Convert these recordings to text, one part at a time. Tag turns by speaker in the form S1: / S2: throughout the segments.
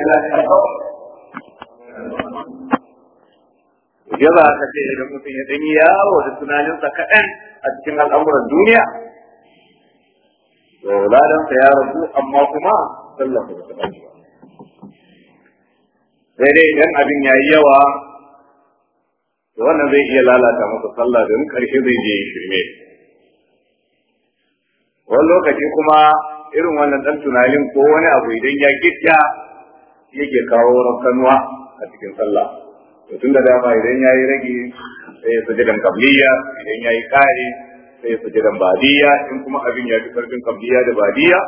S1: yana karɓar ya ba ka ce idan mutum ya ɗan yawo da tunaninsa kaɗan a cikin al'amuran duniya to ladansa ya rabu amma kuma sallah ba ta ba sai dai idan abin ya yi yawa to wannan zai iya lalata masa sallah domin ƙarshe zai je shirme wani lokaci kuma irin wannan ɗan tunanin ko wani abu idan ya gidda yake kawo rafkanuwa a cikin sallah to tun da dama idan ya yi rage sai ya sujudan kabliya idan ya yi kare sai ya sujudan badiya in kuma abin ya fi karfin kabliya da badiya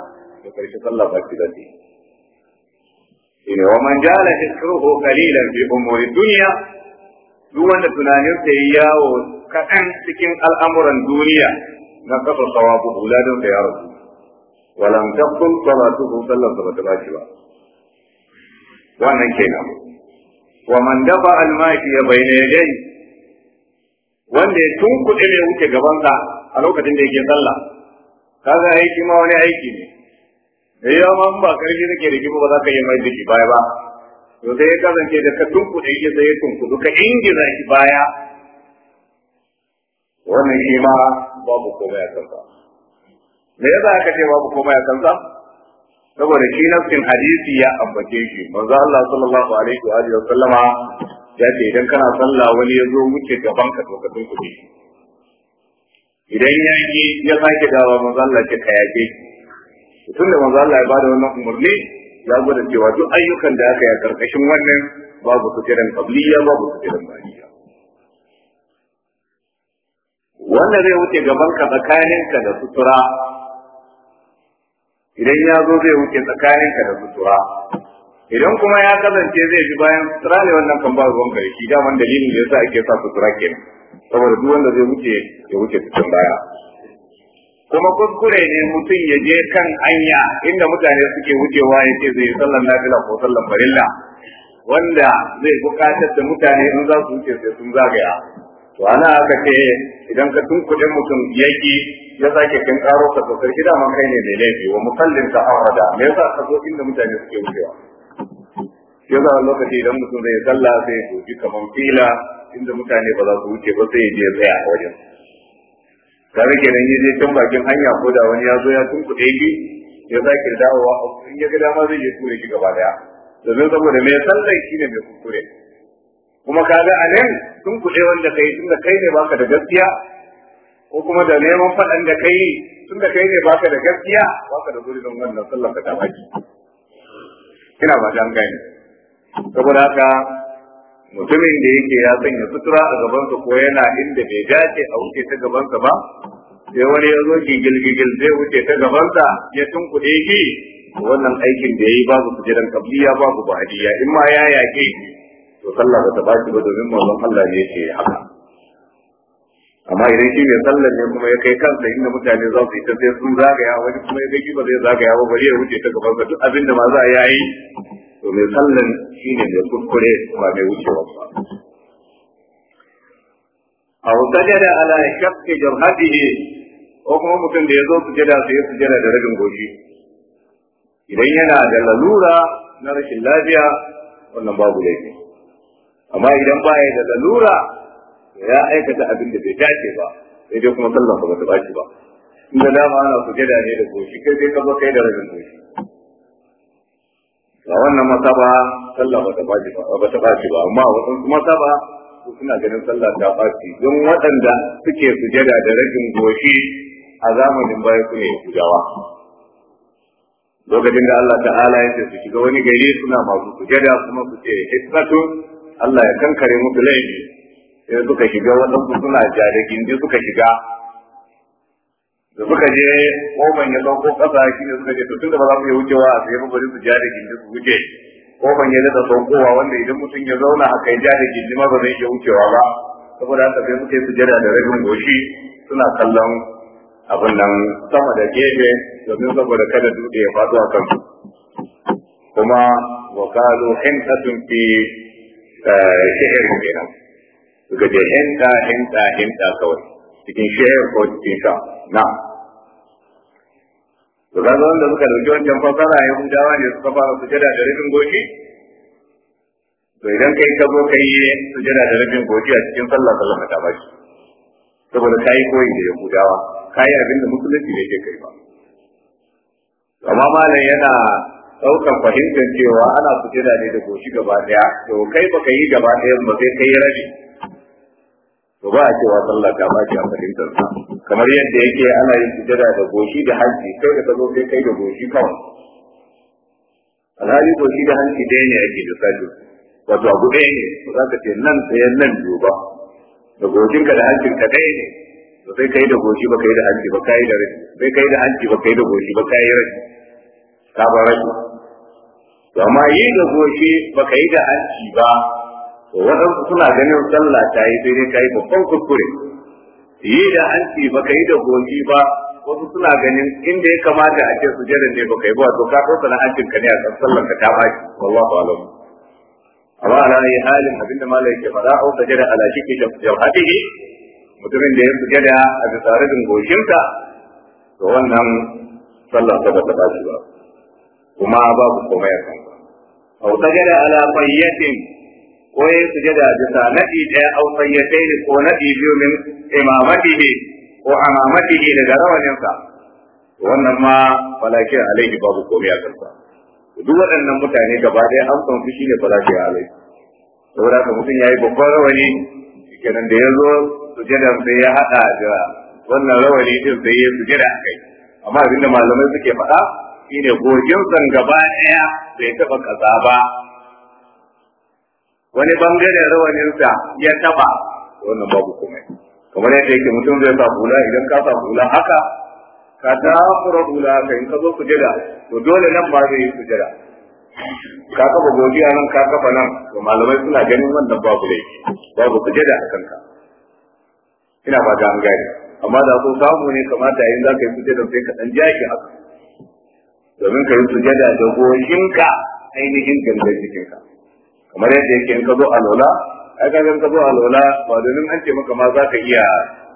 S1: to karshe sallah ba shi da shi wa man jala fikruhu qalilan fi umuri dunya duk wanda tunanin sa yawo kaɗan cikin al'amuran duniya na kafa sawabu huladin da ya rasu walam taqul salatuhu sallallahu alaihi wa sallam wannan kenan wa man dafa almashi ya bayyana ne wanda ya da ne wuce gabansa a lokacin da yake sallah kaza aiki ma wani aiki ne da yawa ma ba karfi kake da ba za ka yi mai jiki baya ba to sai ya kasance da ka tunkuɗe yake sai ya tunkuɗu ka ingiza shi baya
S2: wannan shi ma
S1: babu komai a kansa me yasa aka ce babu komai a kansa saboda shi nafsin hadisi ya ambace shi manzo Allah sallallahu alaihi wa alihi sallama ya ce idan kana sallah wani ya zo muke gaban ka to ka tunkuɗe shi idan ya yi ya sake dawa manzo Allah ce ka yake tun da manzo Allah ya bada wannan umurni, ya gwada cewa duk ayyukan da aka yi a karkashin wannan babu kujeran qabliya babu kujeran baliya Wannan zai wuce gaban ka tsakaninka da sutura idan ya zo zai wuce tsakaninka da mutuwa, idan kuma ya kasance zai bi bayan sutura ne wannan kan ba ruwan gari shi daman dalilin da yasa ake sa sutura kenan saboda duk wanda zai wuce ya wuce cikin baya kuma kuskure ne mutum ya je kan anya inda mutane suke wucewa ya ce zai sallan nafila ko sallan farilla wanda zai buƙatar da mutane in za su wuce sai sun zagaya to ana aka ce idan ka tunkuɗe mutum yaki ya sake kin karo ka sosai gida man kai ne mai laifi wa musallin ta arada me yasa ka zo inda mutane suke wucewa ya zama lokaci idan mutum zai sallah sai ya doji kaman fila inda mutane ba za su wuce ba sai ya je tsaya a wajen tare ke ya je can bakin hanya ko da wani ya zo ya tunkuɗe shi ya sake dawowa in ya ga dama zai je ture shi gaba daya domin saboda mai sallai shi ne mai kuskure kuma kaga a nan tunkuɗe wanda kai tunda kai ne baka da gaskiya ko kuma da neman faɗan da kai tun da kai ne baka da gaskiya baka da gurbin wannan sallar ka tabaki ina ba dan gani saboda haka mutumin da yake ya sanya sutura a gabansa ko yana inda bai dace a wuce ta gabansa ba sai wani ya zo gigil gigil zai wuce ta gabansa ya tunkuɗe shi wannan aikin da yayi babu sujudan kabliya babu ba'diya in ma ya yake to sallah ba ta baki ba domin manzon Allah ne yake haka amma idan shi mai sallar ne kuma ya kai kansa inda mutane za su yi ta sai sun zagaya wani kuma ya kai ba zai zagaya ba bari ya wuce ta gaban duk abin da ma za a yayi to mai sallar shi ne mai kurkure ba mai wucewa ba a da ala shakki ne, ko kuma mutum da ya zo su su yi su jada da rabin goshi idan yana da lalura na rashin lafiya wannan babu laifi amma idan baya da lalura ya aikata abin da bai dace ba sai dai kuma sallah ba ta baci ba in da dama ana sujada ne da goshi kai dai kaba kai da rabin goshi a wannan ba sallah ba ta baci ba ba ta baci ba amma wasan kuma ba su suna ganin sallah ta baci don waɗanda suke sujada da rabin goshi a zamanin baya su ne gudawa lokacin da Allah ta'ala ya ce su shiga wani gari suna masu sujada kuma su ce hikmatu Allah ya kankare musu laifi sai suka shiga waɗansu suna jare gindi suka shiga da suka je kofan ya sauko ƙasa shi ne suka je to tun da ba za mu iya wucewa a sai bari su jare gindi su wuce Kofan ya da saukowa wanda idan mutum ya zauna haka ya jare gindi ma ba zai iya wucewa ba saboda haka sai suka yi jira da rabin goshi suna kallon abin nan sama da gefe domin saboda kada dutse ya faɗo a kan su kuma wa kalu tun fi eh, shi'ir kenan suka ce hinta hinta hinta kawai cikin shehar ko cikin sha na to kaga da suka dauki wancan fasara ya hudawa ne suka fara su jira da rufin goshi to idan kai ka zo kai jira da rufin goshi a cikin sallah sallah ta bashi saboda yi koyi da yahudawa kayi abin da musulunci ne ke kai ba amma malam yana ɗaukar fahimtar cewa ana su jira ne da goshi gaba ɗaya to kai baka yi gaba ɗayan ba sai kai rabi to ba a cewa sallah ta ba a fahimtar sa kamar yadda yake ana yin sujada da goshi da hanci kai da kazo sai kai da goshi kawai alhali goshi da hanci ɗaya ne yake da sajo wato abu ɗaya ne za ka ce nan sai nan biyu ba da ka da ka ɗaya ne to sai kai da goshi ba kai da hanci ba kai da rashi sai kai da hanci ba kai da goshi ba kai rashi ka ba rashi to amma yi da goshi ba kai da hanci ba waɗansu suna ganin sallah ta yi sai dai ka yi babban kuskure yi da hanci ba ka yi da goshi ba wasu suna ganin inda ya kamata a ce sujadar ne baka yi ba to ka ɗauka na hancin ka ne a sallar ka ta baki wallahu alam amma ala yi halin abinda malai yake faɗa au sujada ala shi ke jawhatihi mutumin da ya sujada a bisa rabin goshinka to wannan sallar ta bata bashi ba kuma babu komai a kan kanka au sujada ala fayyatin ko ya sujada bisa naɗi ɗaya au sayyatai ko naɗi biyu min imamatihi ko amamatihi daga rawaninsa wannan ma falakin alaihi babu komai a kansa duk waɗannan mutane gaba ɗaya an san su ne falakin alaihi saboda haka mutum yayi babban rawani kenan da ya zo sujadan sai ya haɗa da wannan rawani din sai ya sujada a kai amma abinda malamai suke faɗa shine gogin gaba ɗaya bai taɓa kaza ba wani rawani rawaninsa ya taba wannan babu komai kamar yadda yake mutum zai sa hula idan ka sa hula haka ka dafura hula ka in ka zo sujada to dole nan ba zai yi sujada ka kafa godiya nan ka kafa nan to malamai suna ganin wannan babu laifi babu sujada a kanka ina ba ga an gane amma da ku samu ne kamata yayin za ka yi sujada sai ka dan jaki haka domin ka yi sujada da goshinka ainihin gangar jikinka kamar yadda yake in ka zo lola, ai ka ka zo lola ba domin an ce maka ma za ka iya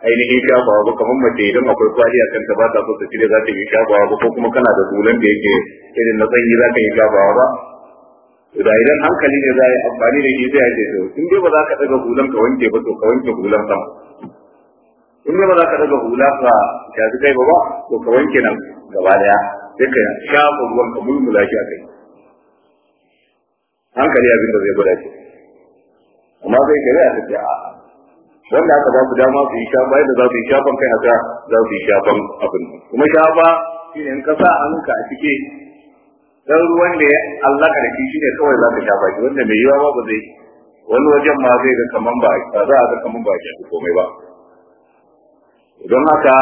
S1: ainihin shafawa ba kamar mace idan akwai kwali a kanta ba ta so ta cire za ta yi shafawa ba ko kuma kana da hulan da yake irin na tsanyi za ka yi shafawa ba da idan hankali ne za a yi amfani da shi zai yi to in dai ba za ka daga hulan ka wanke ba to ka wanke hulan sama in dai ba za ka daga hula ka shafi kai ba ba to ka wanke nan gaba daya sai ka shafa ruwan ka mulmula shi a kai hankali abin da zai gwada shi amma zai gari a tafiya a wanda aka ba su dama su yi shafa yadda za su yi shafan kai haka za su yi shafan abin kuma shafa shi ne in ka sa hannunka a cike dan ruwan da ya allaka da shi ne kawai za ka shafa shi wanda mai yiwa ba zai wani wajen ma zai ga kaman ba ba za a ga kaman ba shi komai ba don haka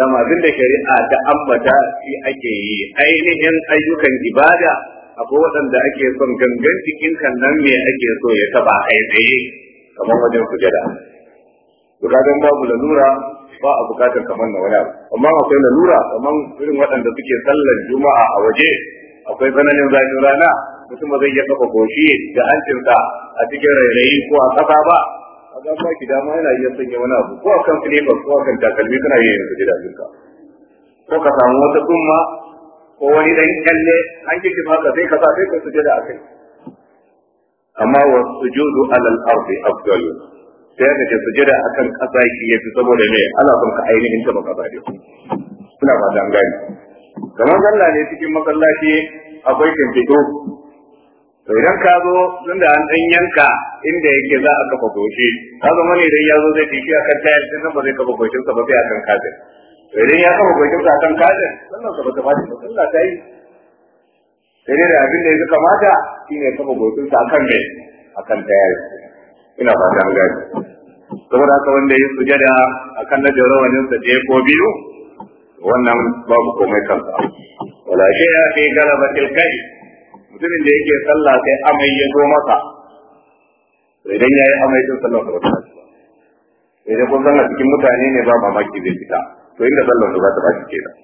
S1: dama abin da shari'a ta ambata shi ake yi ainihin ayyukan ibada akwai waɗanda ake son gangan cikin kan nan me ake so ya taba kai tsaye kamar wajen kujera. to kaga babu lalura ba a bukatar kamar na wani abu amma akwai lalura kamar irin waɗanda suke sallar juma'a a waje akwai tsananin zafin rana mutum zai iya kafa goshi da hancinsa a cikin rairayi ko a ƙasa ba a ga ba ki dama yana iya sanya wani abu ko a kan filifar ko a kan takalmi kana yi yin sujada ko ka samu wata kuma ko wani dan kalle an kike maka sai ka sa sai ka da akai amma wa sujudu alal ardi afdal sai ka ce sujada akan kasa shi yafi saboda me ana son ka ainihin ta baka bade kuna ba dan gani kamar Allah ne cikin masallaci akwai kimfito to idan ka zo da an dan yanka inda yake za a kafa goshi ka zama ne idan ya zo zai tafi akan tayar din ba zai kafa goshin sa ba sai akan kafin
S2: idan ya kafa bai
S1: kyauta kan kajin sannan sa ba ta bashi ba sallah ta yi sai dai da abin da ya kamata shine ne kafa gotun sa akan ne akan ta yayi ina ba ta gani saboda haka wanda ya sujada akan da rawanin sa da ko biyu wannan babu komai kansa wala shay ya fi galaba tilkai mutumin da yake sallah sai amai ya zo masa idan yayi amai din sallar sa ba ta idan kun san a cikin mutane ne ba mamaki zai fita to inda sallar su za ta baki kenan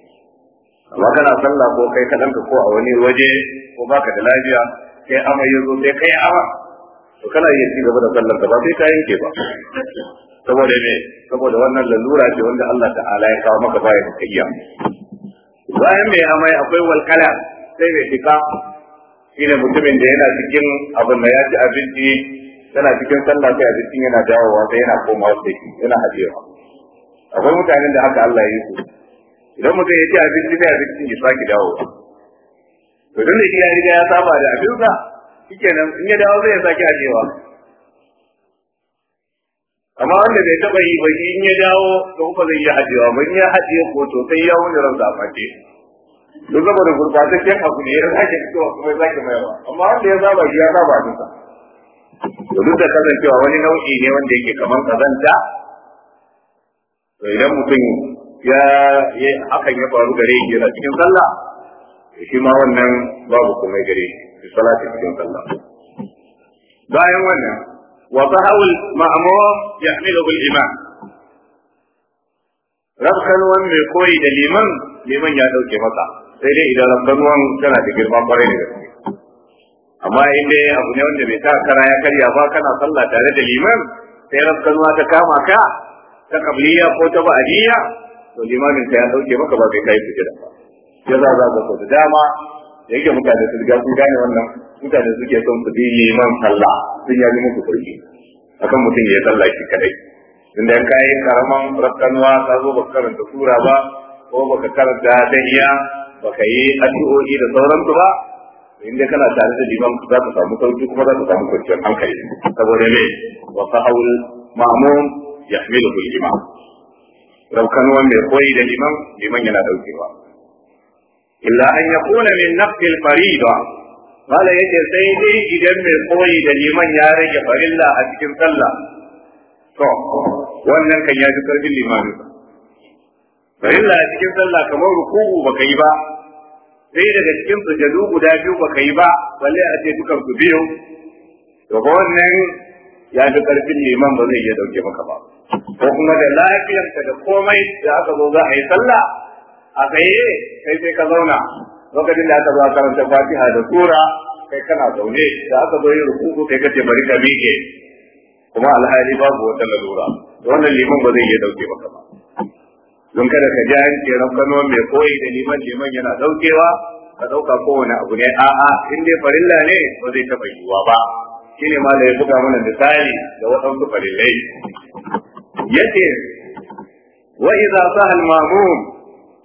S1: amma kana sallah ko kai kadan ko a wani waje ko baka da lafiya sai ama yazo sai kai ama to kana iya ci gaba da sallar ka ba sai ka yanke ba saboda me saboda wannan lalura ce wanda Allah ta'ala ya kawo maka bayan ka iya bayan mai amai akwai walkala sai mai fika shine mutumin da yana cikin abin da ya ci abinci yana cikin sallah sai abincin yana dawowa sai yana komawa sai yana ajiyewa akwai mutanen da haka Allah ya yi su idan mutum ya ci abinci sai abincin ya sake dawo to dan da shi ya riga ya saba da abinsa nan, in ya dawo zai sake ajewa amma wanda bai taba yi ba in ya dawo to kuma zai yi ajewa ba in ya ajiye ko to sai ya wani ran zafate duk gurbata ke abu ne ya sake fitowa kuma ya sake mayarwa amma wanda ya saba shi ya saba duka domin da kasancewa wani nau'i ne wanda yake kamar kazanta to idan mutum ya yi hakan ya faru gare shi yana cikin sallah shi ma wannan babu komai gare shi fi salati cikin sallah bayan wannan wa sahawul ma'mum bil iman imam wan mai koyi da liman liman ya dauke masa sai dai idan wan tana da girma kwarai da amma in dai abu ne wanda bai ta kara ya karya ba kana sallah tare da liman sai wan ta kama ka ta kabliya ko ta ba'adiyya to limamin ta ya dauke maka ba kai kai da ba ya za za ka da dama da yake mutane su ga su gane wannan mutane suke son su bi liman sallah sun yaji muku kurki akan mutum ya sallah shi kadai inda in kai karaman rakkanwa ka zo ba karanta sura ba ko ba baka karanta dahiya ka yi addu'o'i da sauransu ba inda kana tare da liman za ka samu sauki kuma za ka samu kwanciyar hankali saboda ne wa sahawul ma'mum yahmiluhu al-imam raukanuwan mai koyi da liman liman yana daukewa illa an yakuna min nafsi al-farida mala yake sai dai idan mai koyi da liman ya rage farilla a cikin sallah to wannan kan ya ji karfin farilla a cikin sallah kamar ruku'u baka yi ba sai daga cikin sujadu guda biyu baka yi ba balle a ce dukan su biyu to wannan ya fi karfin liman ba zai iya dauke maka ba ko kuma da lafiyarka da komai da aka zo za a yi sallah a tsaye kai sai ka zauna lokacin da aka zo a karanta fatiha da sura kai kana zaune da aka zo yin rukuku kai kace bari ka miƙe kuma alhali babu wata lalura wannan liman ba zai iya dauke maka ba don kada ka ji an ce mai koyi da liman liman yana daukewa ka dauka kowane abu ne a'a in dai farilla ne ba zai taba yiwuwa ba shine ma da ya buga mana misali ga waɗansu farilai yace wa idza saha al-ma'mum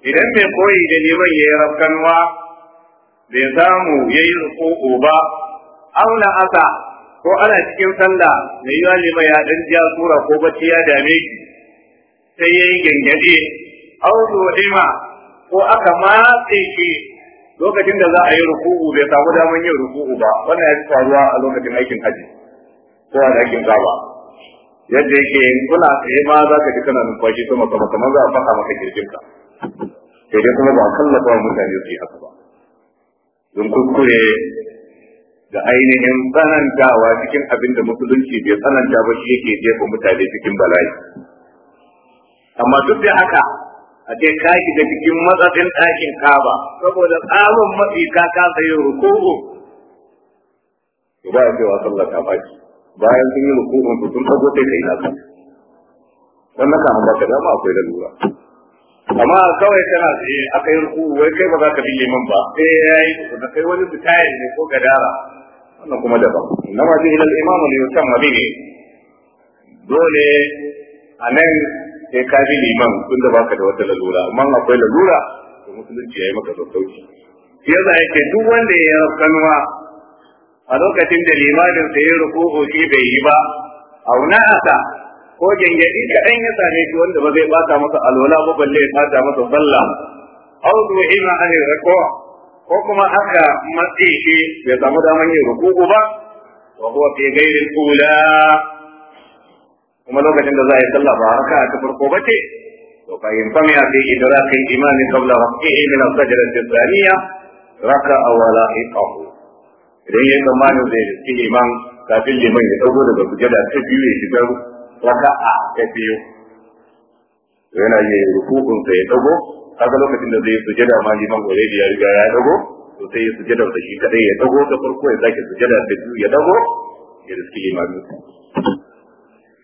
S1: idan mai koyi da liman yayi rafkanwa bai samu yayi ruku ba aula aka ko ana cikin sallah mai yiwa liman ya dan ja sura ko bacci ya dame shi
S2: sai yayi gangaje
S1: au ima ko aka matse shi. lokacin da za a yi ruku'u bai samu daman yin ruku'u ba wannan ya fi faruwa a lokacin aikin haji ko a aikin gaba yadda yake in kuna tsaye ma za ka ji kana numfashi sama sama kamar za a fasa maka ka. sai dai kuma ba a kallafa wa mutane su yi haka ba don kuskure da ainihin tsanantawa cikin abin da musulunci bai tsananta ba shi yake jefa mutane cikin bala'i amma duk da haka a ce ka da cikin matsatsin ɗakin kaba saboda tsarin matsi ka kasa yin ruku'u ba a cewa sallar ta baki bayan sun yi ruku'un su sun tago sai kai naka wannan ka ba ka dama akwai da lura. amma kawai tana tsaye a kai ruku'u wai kai ba za ka bi liman ba sai ya yi na kai wani bitayen ne ko gadara wannan kuma daban nama bi ilal imamu ne yusamma bihi dole a nan sai ka bi liman tunda baka da wata lalura amma akwai lalura to musulunci yayi maka sassauci yasa yake duk wanda ya kanwa a lokacin da limanin sai ya ruku'u shi bai yi ba auna asa ko gengedi dan ya same shi wanda ba zai bata masa alwala ba balle ya bata masa sallah aw du'ima an ruku' ko kuma aka matsi shi bai samu daman yin rukuku ba wa huwa fi ghairi al-ula kuma lokacin da za a yi sallah ba haka a farko ba bace to fa in famiya fi idrakin imani qabla rafi'i min al sajdati al thaniya raka awala iqahu idan ya da zai riski iman kafin liman ya dago daga sujada ta biyu ya shiga a ta biyu yana yi rukukun sa ya dago kaga lokacin da zai sujada ma liman gore ya riga ya dago to sai ya sujada da shi kadai ya dago da farko ya zaki sujada da biyu ya dago ya riski imani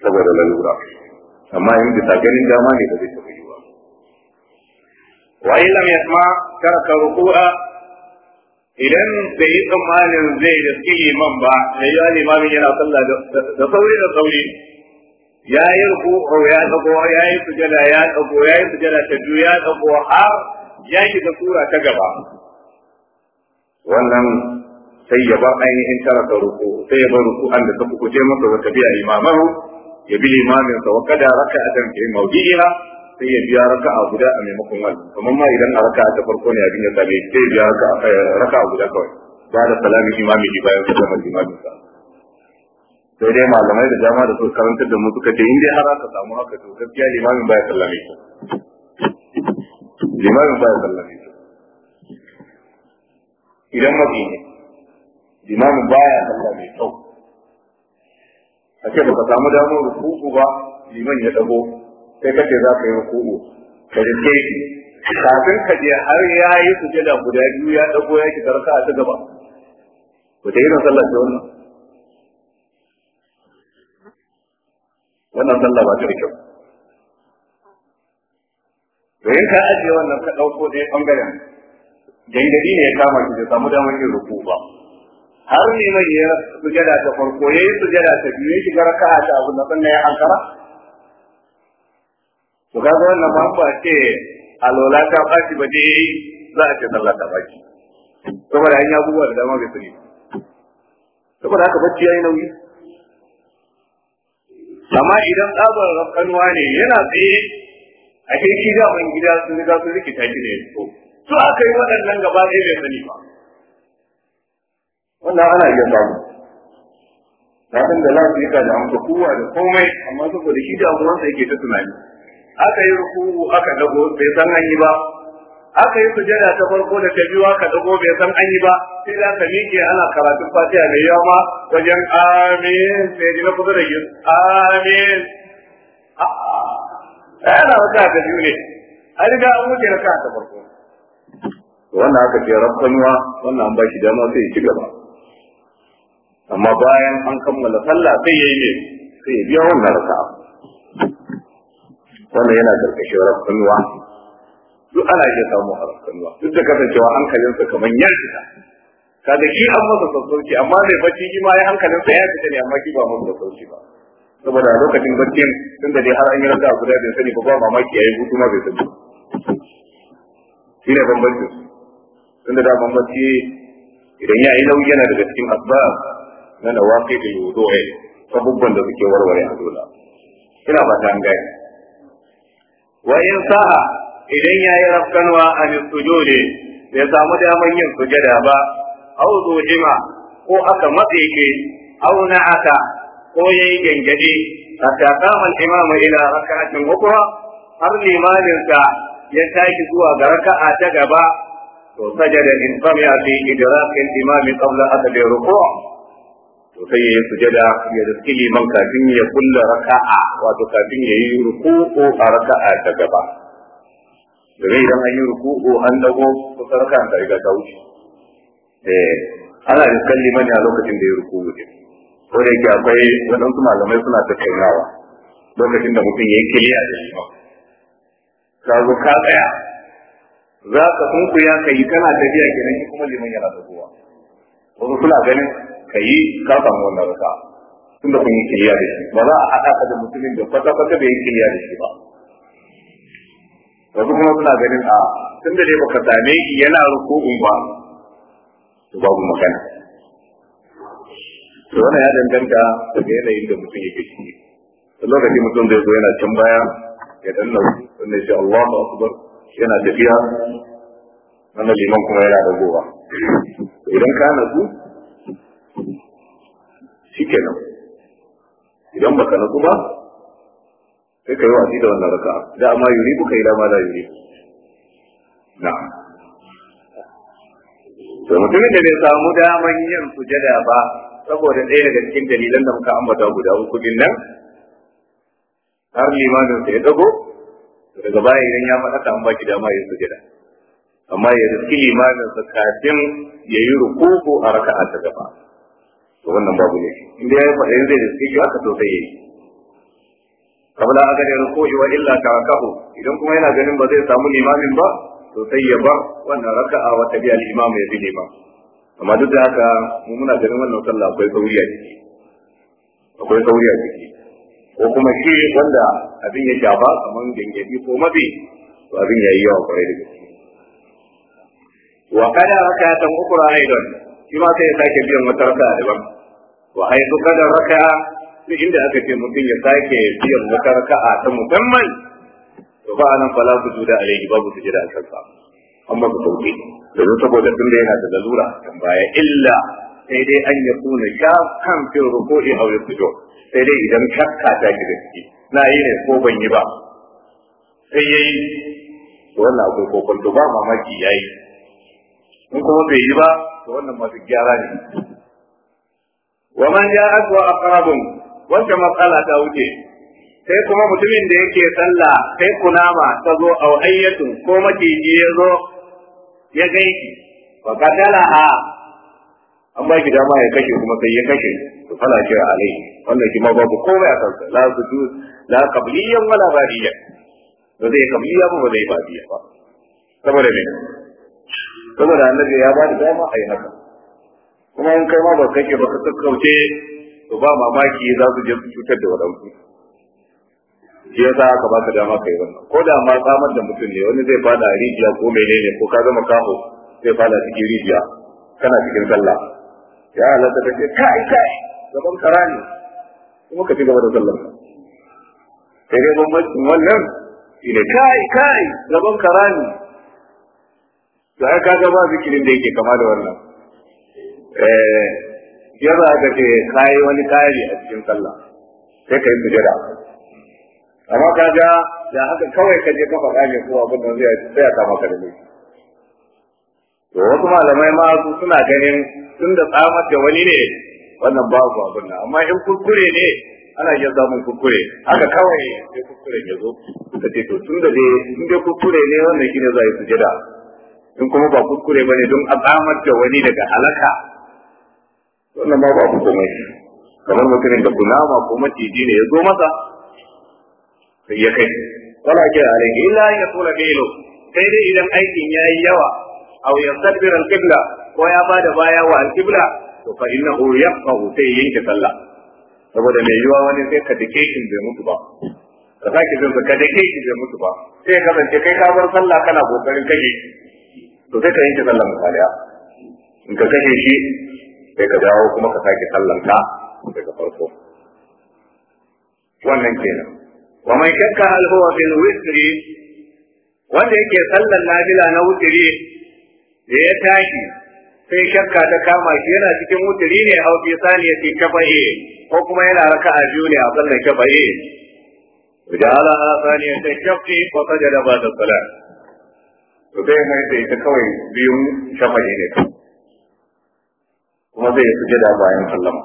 S1: saboda lalura amma in bisa ganin dama ne da zai taɓa yi wa wai lam yasma taraka ruku'a idan bai yi tsammanin zai da liman ba da yi limamin yana sallah da sauri da sauri ya yi ruku ya dago ya yi sujada ya dago ya yi sujada ta biyu ya dago har ya yi da sura ta gaba wannan sai ya bar ainihin tara ta ruku sai ya bar ruku an da ta kuce masa wata biya imamahu ya bi limamin sa wa kada raka'atan fi mawdi'iha sai ya biya raka'a guda a maimakon wani kamar ma idan a raka'a ta farko ne abin ya same sai ya biya eh, raka'a guda kawai ba da salamin imami bayan sallama limamin sa sai dai malamai da dama da su karantar da mu suka ce in dai har aka samu haka to gaskiya limamin baya sallame shi limamin baya sallame shi idan mafi ne limamin baya sallame shi a ce baka samu damar rukuku ba liman ya dago sai kace za ka yi rukuku ka rike shi kafin ka je har ya yi sujada guda biyu ya dago ya ki tarka a ta gaba ku ta na
S2: sallah ce wannan wannan sallah ba ta da kyau domin ka
S1: ajiye wannan ka ɗauko dai ɓangaren gangari ne ya kama ki da samu damar yin rukuku ba har liman ya sujada ta farko ya yi sujada ta biyu ya shiga raka'a ta abu na sannan ya ankara to kaga wannan ba ba ce alola ta baki ba dai za a ce sallah ta baki saboda an yi abubuwa da dama bai sani saboda haka bacci yi nauyi amma idan tsabar rafkanuwa ne yana tsaye a kai gidan gida sun riga sun rikita shi ne to aka yi waɗannan gaba ɗaya bai sani ba wannan ana iya samu na ɗan da lafi yaka da amsa kowa da komai amma saboda shi da jagoransa yake ta tunani aka yi ruku aka dago bai san an yi ba aka yi sujada ta farko da ta biyu aka dago bai san an yi ba sai da ka miƙe ana karatun fatiha mai yawa wajen amin sai ji na kusa da yin amin yana wata ta biyu ne a riga an wuce na ta farko wannan aka ce rabbanuwa wannan an ba shi dama sai ya ci gaba amma bayan an kammala sallah sai yayi ne sai ya biya wannan raka wannan yana karkashin rafkanuwa duk ana iya samu a rafkanuwa duk da kasancewa hankalinsa kamar ya fita kaga shi an masa sassauci amma mai bacci shi ma ya hankalinsa ya fita ne amma shi ba masa sassauci ba saboda lokacin bacci tun da dai har an yi raka'a guda bai sani ba ba mamaki yayi hutu ma bai sani shi ne bambanci tun da da bambanci idan ya yi nauyi yana daga cikin asbab na nawaqi da wudu'i sabubban da suke warware a dola, ina ba ta gani wa in sa'a idan yayi rafkanwa an sujudi ya samu daman yin sujada ba au zujima ko aka matse ke au na'aka ko yayi gangade hatta kama al-imamu ila raka'atin ukra har limamin sa ya tashi zuwa ga raka'a ta gaba to sajada in a fi idrakin imami qabla asli ruku' to sai ya yi sujada ya riski liman kafin ya kulla raka'a wato kafin ya yi ruku'u a raka'a ta gaba domin idan an yi ruku'u an dago kusa raka'a ta riga ta wuce eh ana da kalli ne a lokacin da ya ruku'u ne ko da yake akwai waɗansu malamai suna tattaunawa lokacin da mutum ya yi kiliya da shi ka zo ka tsaya za ka sunkuya ka yi kana tafiya kenan kuma liman yana dagowa wasu suna ganin ka yi ka samu wannan raka tun da kun yi kiliya da shi ba za a haɗa ka da mutumin da kwata-kwata bai yi kiliya da shi ba wasu kuma suna ganin a tun da dai baka
S2: same shi yana rukun ba to babu magana
S1: to wannan ya danganta daga yanayin da mutum yake shi lokacin mutum zai zo yana can baya ya danna wannan shi Allahu akbar yana tafiya wannan liman kuma yana dagowa idan ka nazu nan, idan baka nutsu ba sai ka yi wasi da wannan raka. da amma yuri ka yi dama da yuri Na. to mutumin da bai samu daman yin sujada ba saboda ɗaya daga cikin dalilan da muka ambata guda uku din nan har limanin sa ya dago daga baya idan ya faɗaka an baki dama yin sujada amma ya riski limanin sa kafin ya yi rukuku a raka'a ta gaba to wannan babu ne inda ya faɗa yanzu da suke yi haka sosai yayi kabla aka ganin ko wa illa tarakahu idan kuma yana ganin ba zai samu limamin ba to sai ya bar wannan raka'a wata biya limam ya bi ba amma duk da haka mu muna ganin wannan sallah akwai sauri a jiki. akwai sauri a ko kuma shi wanda abin ya shafa kamar gangabi ko mabi to abin yayi yawa kwarai da gaske wa kana raka'atan ukra aidan shi ma sai ya sake biyan wata raka'a daban wa haythu kada raka'a duk inda aka ce mutum ya sake biyan wata raka'a ta musamman to ba nan fala ku juda alaihi ba su jira akan sa amma ku sauke domin saboda tun da yana da lalura kan baya illa sai dai an ya kuna sha kan fi ruku'i aw yasjud sai dai idan shakka ta shiga ciki na yi ne ko ban yi ba sai yayi wannan akwai kokonto ba mamaki yayi in kuma bai yi ba to wannan ma gyara ne wa man ja'at wa aqrabun wanda matsala ta wuce sai kuma mutumin da yake sallah sai kunama ta zo au ayyatu ko maciji ya zo ya gaiki fa ha. an ba ki dama ya kashe kuma sai ya kashe to fala kira alai wannan shi ma babu komai a kan la su la qabliyan wala badiyan ba zai qabliya ba ba zai badiya ba saboda me saboda annabi ya ba da dama a yi haka kuma in kai ma ba kake ba ka sassauce to ba mamaki za su je su cutar da waɗansu shi yasa aka ka dama kai wannan ko da ma samar da mutum ne wani zai fada rijiya ko menene ko ka zama kaho zai fada cikin rijiya kana cikin sallah ya halatta ce kai kai gaban karani kuma ka ci gaba da sallar ka sai dai bambancin wannan kai kai gaban karani to ai kaga ba zikirin da yake kama da wannan eh ba ka ce kai wani kai a cikin sallah sai kai jira amma ga da haka kawai ka je ka faɗa ne ko abin da zai tsaya ta ka da ne to wasu malamai ma su suna ganin tun da tsamar da wani ne wannan ba ku abin nan amma in kurkure ne ana iya samun kurkure haka kawai sai kurkure ya zo suka ce to tun da dai in dai kurkure ne wannan shine za a yi sujada in kuma ba kuskure bane don a tsamar da wani daga halaka wannan ba babu komai kamar mutumin da kunama ko maciji ne ya zo masa sai ya kai wala ke alaihi illa ya tura belo sai dai idan aikin yayi yawa aw yastabbir al-qibla ko ya bada baya wa al-qibla to fa innahu yaqahu sai yanke sallah saboda mai yiwa wani sai ka dake shi bai mutu ba ka sake zan ka dake shi bai mutu ba sai ka zance kai ka bar sallah kana kokarin kage to sai ka yanke sallar misaliya in ka kashe shi sai ka dawo kuma ka sake sallar ka daga farko wannan kenan wa mai shakka hal huwa fil witri wanda yake sallar nafila na wutiri da ya tashi sai shakka ta kama shi yana cikin wutiri ne a fi saniyati kafahi ko kuma yana raka biyu ne a sallan kafahi وجعلها ثانية الشفق وسجد بعد الصلاة to bai mai da ita kawai biyun shafa ne ta kuma zai suje da bayan sallama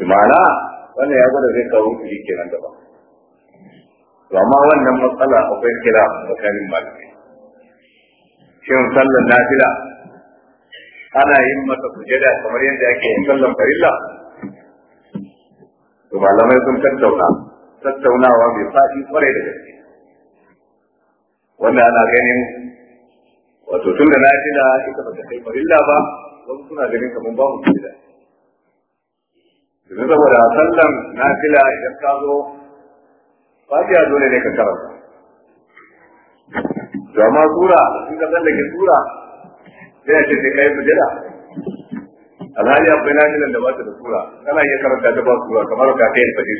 S1: Imana, wannan ya gwada zai kawo kuɗi kenan gaba to amma wannan matsala akwai kira tsakanin malamai shin sallar nafila ana yin suje sujada kamar yadda ake yin sallan farilla to malamai sun tattauna tattaunawa mai fadi kwarai da gaske wanda ana ganin wato tun da na tuna ita ba ta kai farilla ba wasu suna ganin kamar mu farilla yanzu saboda sallan na fila idan ka zo fatiha dole ne ka karanta to amma sura in ka tsallake sura sai a ce sai kai sujada alhali akwai na filan da ba ta da sura kana iya karanta ta ba sura kamar ka kai fadi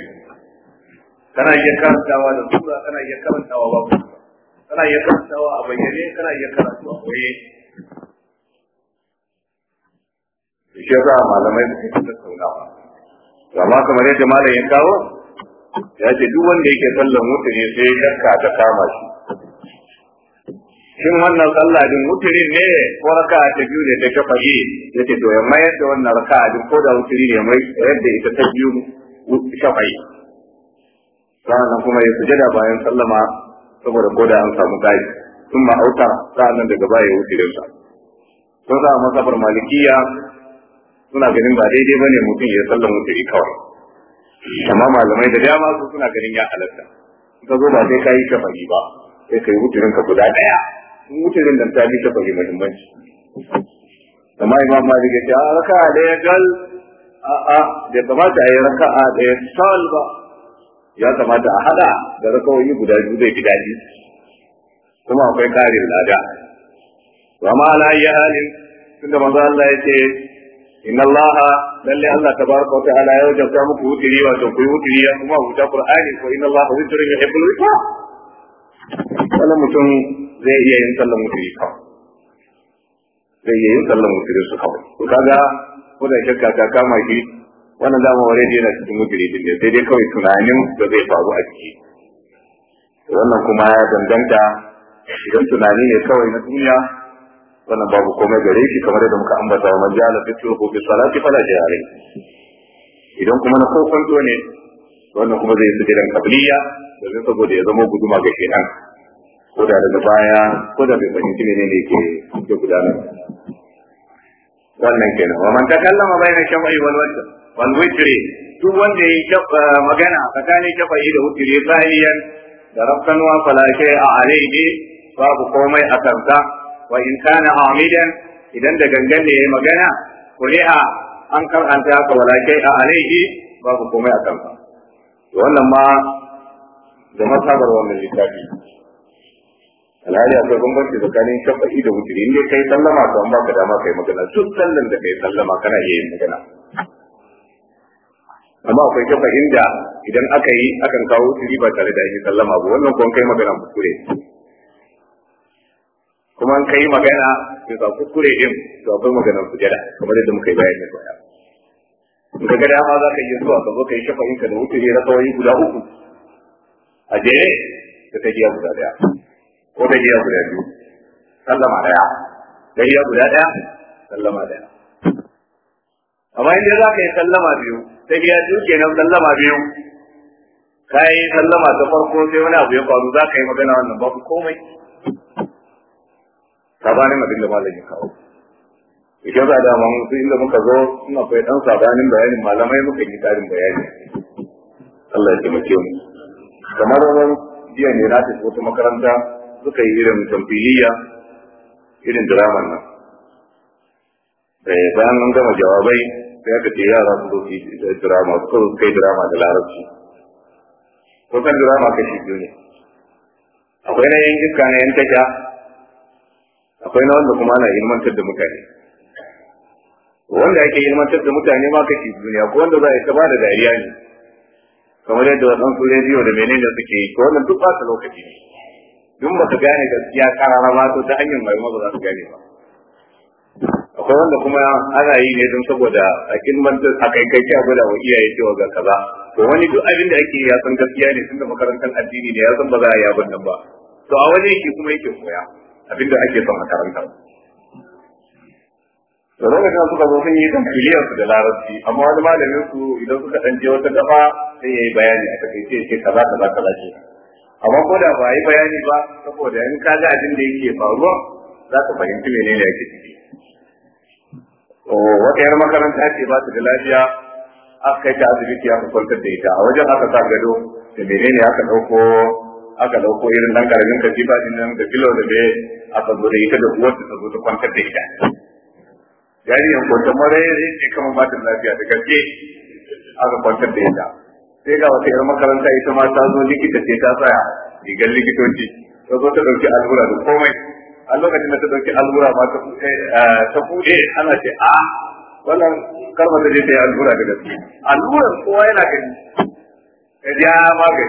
S1: kana iya karantawa da sura kana iya karantawa ba sura kana iya karantawa a bayyane kana iya karatu a koye
S2: shi yasa malamai da suke tattaunawa
S1: amma kamar yadda malam ya kawo ya ce duk wanda yake sallan mutane sai karka ta kama shi shin wannan sallah din mutirin ne ko raka ta biyu ne ta kafa yi yake doyan ya mayar da wannan raka din ko da mutiri ne mai yadda ita ta biyu kafa yi sannan kuma ya sujada bayan sallama saboda ko da an samu gari sun ma auta nan daga baya ya wuce sa sun sa masabar malikiya suna ganin ba daidai ba ne mutum ya sallan wuce kawai amma malamai da dama su suna ganin ya halatta ka zo ba sai ka yi shafari ba sai ka yi wuce ka guda daya wuce nan ta yi shafari muhimmanci amma imam malik ya ce a ah, raka da ya gal a'a da kamata a yi raka'a da ya sal ba ya kamata a hada da rakawoyi guda biyu zai fi daɗi kuma akwai karin lada wa ma ala ayyi halin tunda manzo Allah ya ce inna Allah lalle Allah tabaraka wa ta'ala ya wajabta muku wutiri to ku wutiri ya kuma wuta Qur'ani ko inna Allah witrun yuhibbul witra wannan mutum zai iya yin sallan wutiri kawai zai iya yin sallan wutiri su kawai to kaga ko da shakka ka kama shi wannan zamu wani da yana cikin mujiridin ne sai dai kawai tunanin da zai faru a ciki wannan kuma ya danganta idan tunani ne kawai na duniya wannan babu komai gare shi kamar yadda muka ambata wa man jala fi tuhu bi salati fala jari idan kuma na kokonto ne wannan kuma zai su gidan kabliya zai saboda ya zama guduma ga nan. ko da daga baya ko da bai fahimci ne ne ke ke gudanar wannan kenan wa man takallama bayna shafa'i wal witr wal witri duk wanda ya eh, magana tsakanin shafa'i da witri sahiyan da rabbanwa fala shay'a alayhi babu komai a kansa wa in kana amidan idan da gangan ne ya magana kuri'a an karanta ka wala shay'a alayhi babu komai a kansa wannan ma da masabar wannan littafi alhali akwai bambanci tsakanin shafa'i da wuturi in dai kai sallama to an baka dama kai magana duk sallan da kai sallama kana iya yin magana amma akwai shafa'in da idan aka yi akan kawo wuturi ba tare da yi sallama ba wannan kuwan kai magana kuskure kuma an kai magana sai ka kuskure din to akwai maganar sujada kamar yadda muka yi bayani baya in ka ga dama za ka yi zuwa ka zo ka yi shafa'in ka da wuturi na tsawon guda uku a jere da ta biya guda daya ko da iya guda biyu sallama daya da iya guda daya sallama daya amma inda za ka yi sallama biyu ta ya biyu kenan sallama biyu ka yi sallama ta farko sai wani abu ya faru za ka yi magana wannan babu komai sabanin abin da malam ya kawo idan za da mun su inda muka zo suna akwai dan sabanin bayanin malamai muka yi tarin bayani Allah ya taimake mu kamar jiya ne na tafi wata makaranta suka yi irin tamfiliya irin diraman nan eh, bayan an gama jawabai sai aka ce yara su zofi drama su kai kai drama da larabci drama ka shi biyu ne akwai na yin iska na yan tasha akwai na wanda kuma na ilmantar da mutane wanda ake ilmantar da mutane ma kashi biyu ne akwai wanda za a yi ta bada da dariya ne kamar yadda wasan su rediyo da menene suke yi ko wannan duk ba ta lokaci ne duk ba su gane gaskiya karara ba to ta hanyar mai ba za su gane ba akwai wanda kuma ana yi ne don saboda a kilmantar a kai kai a gwada wa iyaye cewa ga kaza to wani duk abin da ake ya san gaskiya ne tunda makarantar addini ne ya san ba za a yi abin nan ba to a waje yake kuma yake koya abin da ake son makarantar da lokacin suka zo sun yi tamfiliyar su da larabci amma wani malamin su idan suka dan je wata gaba sai yayi yi bayani a takaice ya ce kaza kaza kaza ke amma ko da ba yi bayani ba saboda in ka ga abin da yake faruwa za ka fahimci menene yake ciki wata yar makaranta ce ba ta da lafiya aka kai ta asibiti aka kwantar da ita a wajen aka sa gado da menene aka dauko aka dauko irin dan karamin ba din nan da kilo da bai aka zo da ita da uwarta ta zo ta kwantar da ita yarinyar kwantar mara yare ce kamar ba ta lafiya da gaske aka kwantar da ita sai ga wata yar makaranta ita ma ta zo likita ce ta tsaya rigar likitoci ta zo ta ɗauki allura da komai a lokacin da ta ɗauki allura ma ta kuɗe eh, eh, ana ce a ah, wannan karma ta je ta yi albura da gaske alluran kowa yana gani ta ja magani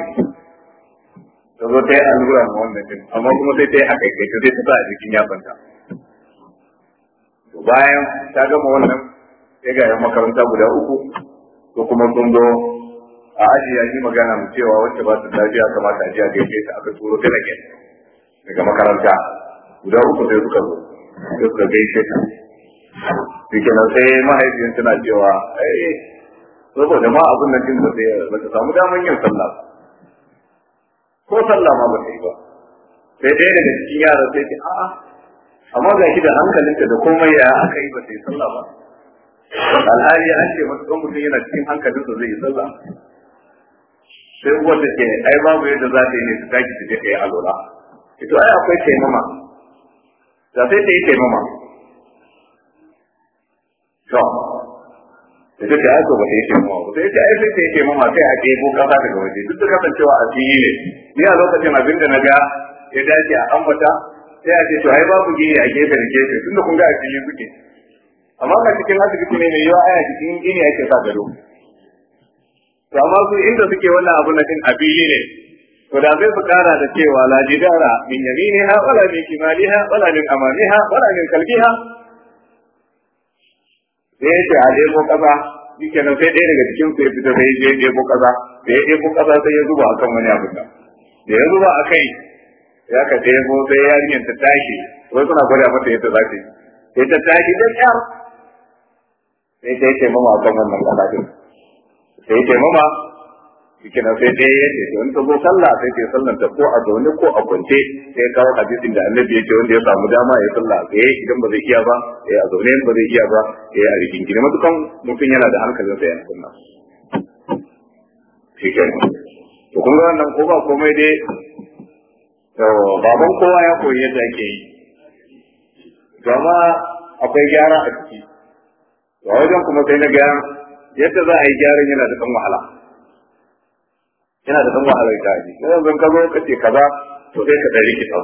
S1: ta zo ta yi allura ma wannan ɗin amma kuma sai ta yi haka kai ta zai ta sa a jikin banta bayan ta gama wannan sai ga yan makaranta guda uku ko kuma sun zo a aji ya yi magana mu cewa wacce ba su lafiya kamata a ji a gaishe ta aka turo ta nake daga makaranta guda uku sai suka zo sai suka gaishe ta shi na sai mahaifiyar tana cewa ai saboda ma abin nan din ba sai ba ta samu daman yin sallah ba, ko sallah ma ba ta yi ba sai dai daga cikin yaran sai ce a'a amma ga shi da hankalinta da komai ya aka yi ba ta yi sallah ba alhali an ce masu ɗan mutum yana cikin hankalinsa zai yi sallah sai uwar ta ce ai babu yadda za ta yi ne su tashi ta je ta yi alola ita ai akwai taimama da sai ta yi taimama to da ta ce ai to ba ta yi taimama ba sai ta ai sai ta yi taimama sai a ɗebo kasa daga waje duk da kasancewa a fili ne ni a lokacin abin da na ga ya dace a ambata sai a ce to ai babu gini a gefe da gefe tunda kun ga a fili kuke amma na cikin asibiti ne mai yiwa ai a cikin gini ake sa gado to amma su inda suke wannan abun nan a fili ne to da zai su kara da cewa la jidara min yaminiha wala min kimaliha wala min amamiha wala min kalbiha sai ya ce a ɗebo ƙasa shike nan sai ɗaya daga cikin su ya fita sai ya ko kaza da ya ɗebo ƙasa sai ya zuba akan wani abu nan da ya zuba a kai ya ka ko sai yarinyar ta tashi wai suna gwada mata yadda za ta yi sai ta tashi da kyar sai ta yi taimama akan wannan ƙasa ta yi taimama cikin sai dai ya ce wani ta zo sallah sai ce sallan ta ko a zaune ko a kwance sai kawo hadisin da annabi ya ce wanda ya samu dama ya sallah a tsaye idan ba zai iya ba ya a zaune ba zai iya ba ya a rikin gini matukan mutum yana da hankalin sa yana sunna shi ke to kun ga wannan ko ba komai dai baban kowa ya koyi yadda ake yi gama akwai gyara a ciki wajen kuma sai na gyara yadda za a yi gyaran yana da ɗan wahala yana da ɗan wahala ita ji yanzu zan ka zo ka ce kaza to sai ka dari ki ɗau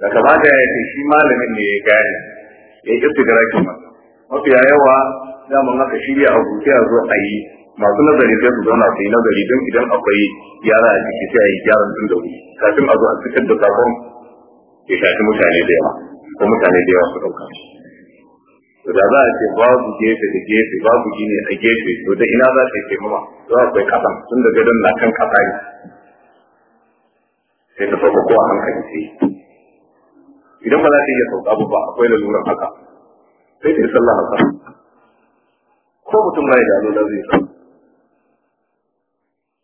S1: da kama da ya ce shi malamin ne ya gane ya yi ƙirƙirar masa mafiya yawa daman haka shirya a buke a zo a yi masu nazari sai su zauna su yi nazari don idan akwai yara a ciki sai a yi gyaran tun da wuri kafin a zo a fitar da sakon ya shafi mutane da yawa ko mutane da yawa su ɗauka da za a ce babu gefe da gefe babu gini a gefe to da ina za ta yi mama za akwai kasa tun da gadon na kan kasa ne sai ta sauka ko a hankali sai idan ba za ta iya sauka
S2: ba ba akwai laluran haka sai ta yi sallah haka ko mutum ba
S1: ya gano da zai sauka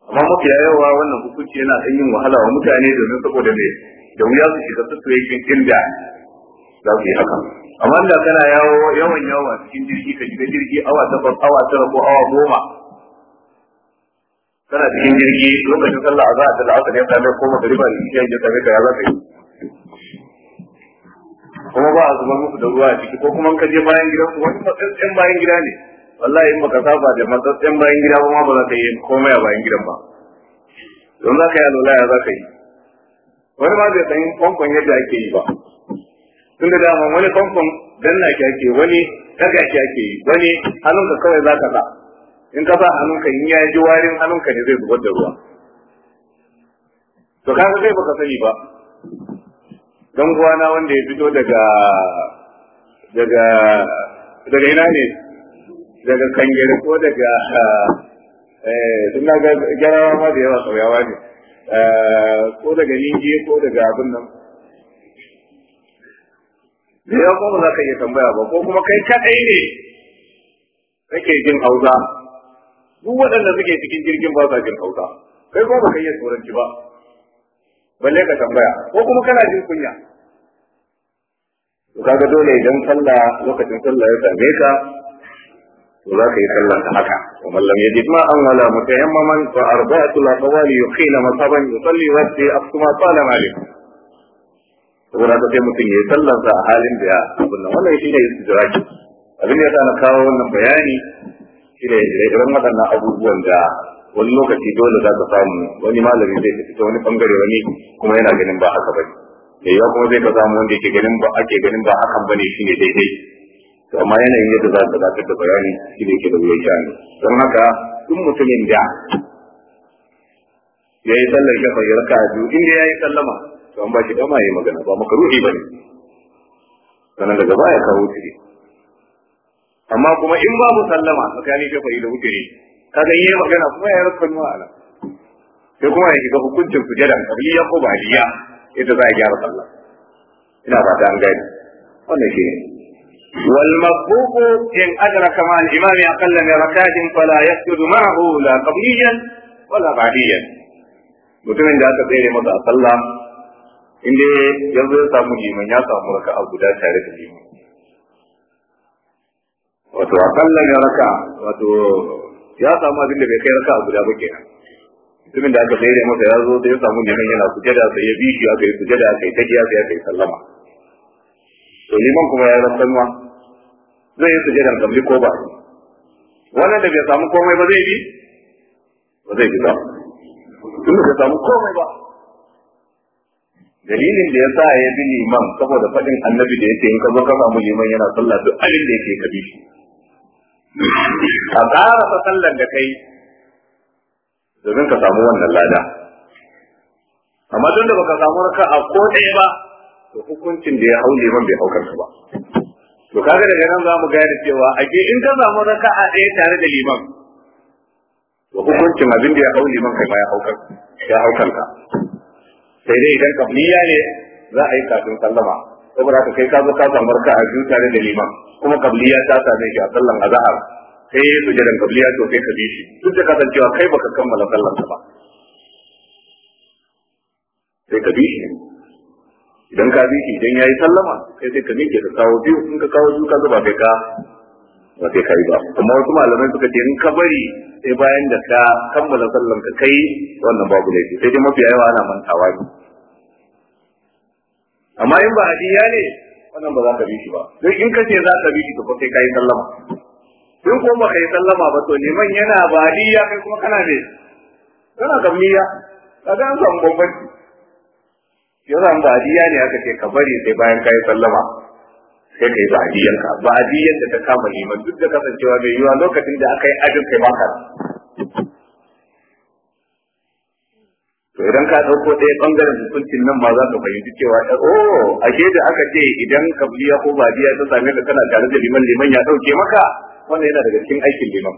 S1: amma mafi yawa wannan hukunci yana ɗan yin wahala wa mutane domin saboda mai da wuya su shiga situation inda za su yi hakan. amma da kana yawo yawan yawa a cikin jirgi ka shiga jirgi awa takwas awa tara ko awa goma kana cikin jirgi lokacin sallah azza da al'asr ya same ko magriba da isha ya same ka ya za ka yi kuma ba a zubar muku da ruwa a ciki ko kuma ka je bayan gida wani matsatsen bayan gida ne wallahi in baka saba da matsatsen bayan gida ba ma ba za ka yi komai a bayan gidan ba don za ka yi alola ya za ka yi wani ma bai san kwankwan yadda ake yi ba tun da dama wani famfon danna ki ake wani daga ki ake wani hannunka kawai za ka sa in ka sa hannunka in ya ji warin hannunka ne zai zubar da ruwa to kaga zai baka sani ba dan na wanda ya fito daga daga daga ina ne daga kangere ko daga eh sun eh, ga garawa ma da yawa sauyawa ne eh, ko daga ningiye ko daga abin nan da yawa kuma za ka iya tambaya ba ko kuma kai kaɗai ne kake jin hausa duk waɗanda suke cikin jirgin ba sa jin hausa kai kuma ba ka iya turanci ba balle ka tambaya ko kuma kana jin kunya to kaga dole idan sallah lokacin sallah ya same ka to za ka yi sallah ta haka wa mallam ya yajid an wala mutayammaman fa arba'atu la qawali yuqila masaban yusalli wa yasbi asma salama alaikum saboda haka sai mutum ya yi sallansa a halin da ya abin nan wannan shi ne istijraki abin da ya sa na kawo wannan bayani shi ne ire-iren waɗannan abubuwan da wani lokaci dole za ka samu wani malami zai tafi ta wani bangare wani kuma yana ganin ba haka bane da yawa kuma zai ka samu wanda yake ganin ba ake ganin ba hakan bane shi ne daidai to amma yanayin yadda za ka dace da bayani shi ne ke da wuyan shani don haka duk mutumin da ya yi sallar shafa ya raka biyu inda ya yi sallama to an ba shi dama yayi magana ba makaruhi bane sanan daga baya kawo tiri amma kuma in babu sallama tsakanin shafa'i da wutiri kaga yayi magana kuma ya rufe nuwa ala sai kuma ya shiga hukuncin sujada qabliya ko ba'diya yadda za a gyara sallah ina fata an gani wannan shi ne والمطلوب إن أدرك مع الإمام أقل من ركعة فلا يسجد معه لا قبليا ولا بعديا mutumin da aka tsere masa a sallah inda yanzu ya samu liman ya samu raka a guda tare da liman wato akalla ya raka wato ya samu abin da bai kai raka guda ba ke mutumin da aka da masa ya zo da ya samu neman yana da sai ya bi shi aka yi sujada ta ta tajiya sai ya kai sallama to liman kuma ya zan sanwa zai yi da gamli ko ba wannan da bai samu komai ba zai bi ba zai bi ba tun da bai samu komai ba dalilin da ya sa ya bi liman saboda faɗin annabi da yake in ka zo ka samu liman yana sallah duk abin da yake ka bi shi a tsara ta sallar da kai domin ka samu wannan lada amma don da baka samu raka a ko ɗaya ba to hukuncin da ya hau liman bai haukar ba to kaga daga nan za mu gane cewa a ke in ka samu raka a ɗaya tare da liman to hukuncin abin da ya hau liman kai ma ya haukar ya haukar ka sai dai idan kabliya ne za a yi kafin sallama saboda haka kai ka zo ka samu barka a biyu tare da liman kuma kabliya ta same shi a sallan azhar sai su sujudan kabliya to kai ka bi shi duk da kasancewa kai baka kammala sallan ba sai ka bi shi idan ka bi shi idan yayi sallama kai sai ka miƙe ka kawo biyu in ka kawo biyu ka zuba kai ka ba sai kai ba kuma wasu malamai suka ce in ka bari sai bayan da ka kammala sallan ka kai wannan babu laifi sai dai mafi yawa ana mantawa ne amma in ba hadiya ne wannan ba za ka bi shi ba don in ka ce za ka bi shi to sai kai sallama in kuma ba kai sallama ba to neman yana ba hadiya kai kuma kana ne kana gamiya kaga an samu bambanci yanzu an ba hadiya ne aka ce ka bari sai bayan kai sallama sai ka kai ba'adiyyanka adiyan da ta kama liman duk da kasancewa mai yiwa lokacin da aka yi ajin kai baka to idan ka dauko ɗaya bangaren hukuncin nan ma za ka fahimci cewa A oh, ashe da aka ce idan ka biya ko biya ta same ka kana tare da liman liman ya dauke maka wannan yana daga cikin aikin liman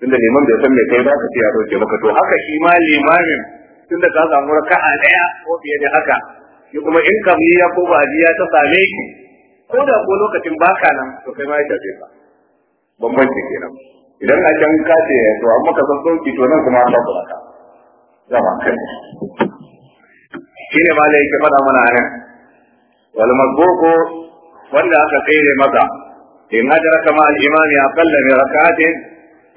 S1: tunda liman bai san me kai ba ka ce ya dauke maka to haka shi ma limamin tunda ka samu raka'a daya ko fiye da haka shi kuma in ya ko ba'diya ta same ki ko da ko lokacin baka nan to kai ma ya tafi ka bambanci kenan idan a can ka ce to ka san sauki to nan kuma an ba ku ka zama kai ne ba da faɗa mana nan wal mazbuku wanda aka kai ne maka in hadaraka ma al imani aqalla min rak'atin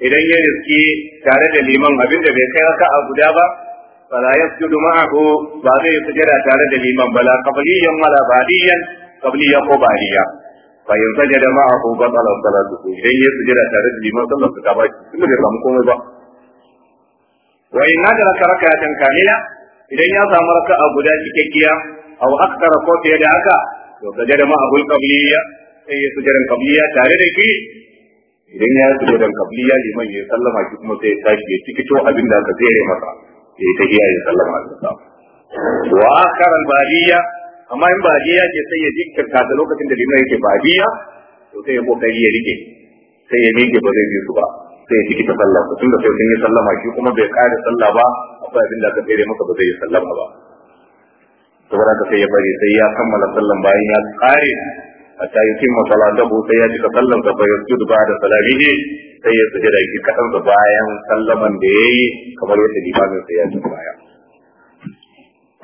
S1: idan ya riski tare da liman abin da bai kai raka'a guda ba fala yasjudu ma'ahu ba zai sujada tare da liman bala qabliyan wala badiyan qabliyan ko badiya fa in sajada ma'ahu batala salatuhu idan ya sujada tare da liman sallar ta ba shi kuma bai samu komai ba wa in nadara raka'atan kamila idan ya samu raka'a guda cikakkiya aw akthara ko fiye da haka to sujada ma'ahu qabliya sai ya sujadan qabliya tare da shi idan ya sujadan qabliya liman ya sallama shi kuma sai tikito abin da aka masa ya ta hiya ya sallama a ƙasa. wa karan al badiya amma in badiya ce sai ya jikarta da lokacin da limar yake badiya to sai ya kokari ya rike sai ya miƙe ba zai bi su ba sai ya ciki ta sallah tun da sai sun yi sallama shi kuma bai kare sallah ba akwai abin da aka tsere masa ba zai yi sallama ba saboda haka sai ya bari sai ya kammala sallan bayan ya ƙare. hatta yutimma salatahu sai ya cika sallan sa bai yasjudu ba'da salamihi sai ya sujada ki kadan sa bayan sallaman da yayi kamar yadda limamin sai ya ji baya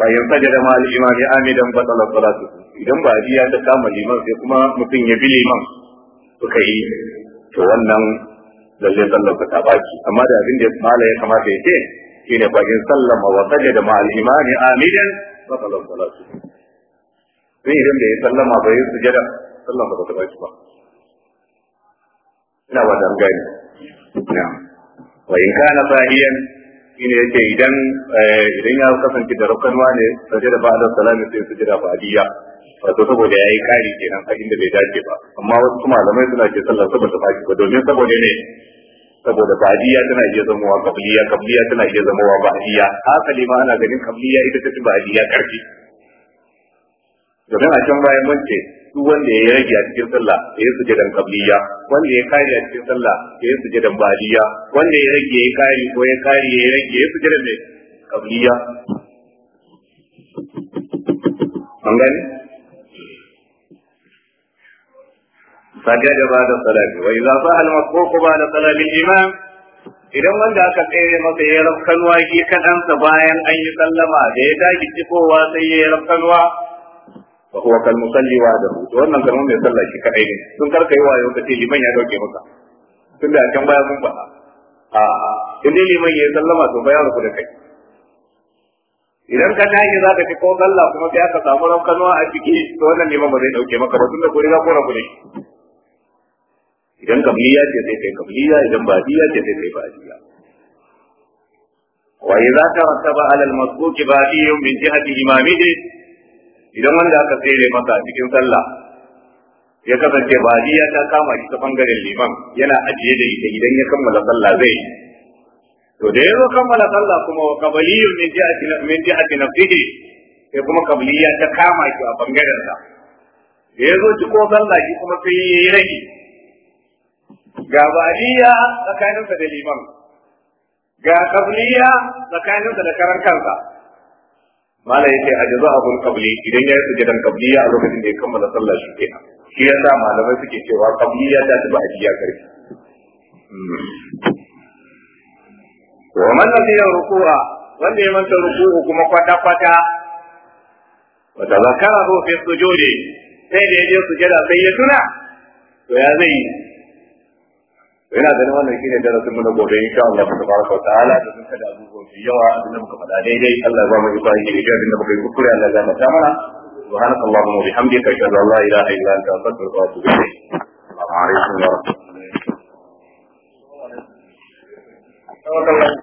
S1: bayan sajada ma al-imam amidan batala salatu idan ba ya ta kama liman sai kuma mutum ya bi liman suka yi to wannan lalle sallar ta baki amma da abin da mala ya kamata ya ce shine bayan sallama wa sajada ma al-imam amidan batala salatu sai idan ya sallama bai yi
S2: sujada sallan ba ta bashi ba ina ba dan
S1: gani na wa in kana sahiyan shine yake idan eh, idan ya kasance da rukunwa ne sujada ba da salami sai sujada ba adiya wato saboda yayi kari kenan a inda bai dace ba amma wasu malamai suna ce sallar saboda ta bashi ba domin saboda ne saboda ba'diya tana iya wa kabliya kabliya tana iya zamowa ba'diya hasali ma ana ganin kabliya ita ta ba'diya karfi domin a can bayan wance duk wanda ya rage a cikin sallah ya yi sujadan kabliya wanda ya kare a cikin sallah ya yi sujadan baliya wanda ya rage ya kare ko ya kare ya rage ya sujadan ne kabliya an gani wa idza fa al فعل ba da salati imam idan wanda aka tsere masa ya rafkanwa shi kaɗansa bayan an yi sallama da ya tashi cikowa sai ya rafkanwa fa huwa kal musalli wa da to wannan kamar mai sallah shi kadai ne sun karka yi wayo kace liman ya dauke maka tunda a can baya sun faɗa a in dai liman ya sallama to bayar ku da kai idan ka tashi za ka ci ko sallah kuma sai ka samu raukanuwa a ciki to wannan liman ba zai dauke maka ba tun da ko riga ko ku ne idan kabliya ce sai kai kabliya idan badiya ce sai kai badiya wa idza tarattaba ala al-masbuq badiyun min jihati imamihi idan wanda aka tsere masa a cikin sallah ya kasance ba ya ta kama shi ta bangaren liman yana ajiye da ita idan ya kammala sallah zai to da ya zo kammala sallah kuma wa qabliyu min jihati min jihati nafsihi sai kuma qabliya ta kama shi a bangaren sa da ya zo ci ko sallah shi kuma sai ya yi rage ga badiya tsakaninsa da liman ga qabliya tsakaninsa da karan kansa mala yake a jaza abul qabli idan ya yi sujudan qabliya a lokacin da ya kammala sallah shi kenan shi sa malamai suke cewa qabliya ta ci ba'diya karfi wa ne ya ruku'a wanda ya manta ruku'u kuma kwata kwata wa tazakara fi sujudi sai da ya je sujada sai ya tuna to ya zai yi. ina ganin wannan shine darasin mu gobe insha Allah tabaraka ta'ala da duka kada abubuwan su yawa abinda muka faɗa daidai Allah ya ba mu iko da muka yi kuskure Allah ya mata mana سبحانك اللهم وبحمدك اشهد ان لا اله
S2: wa انت wa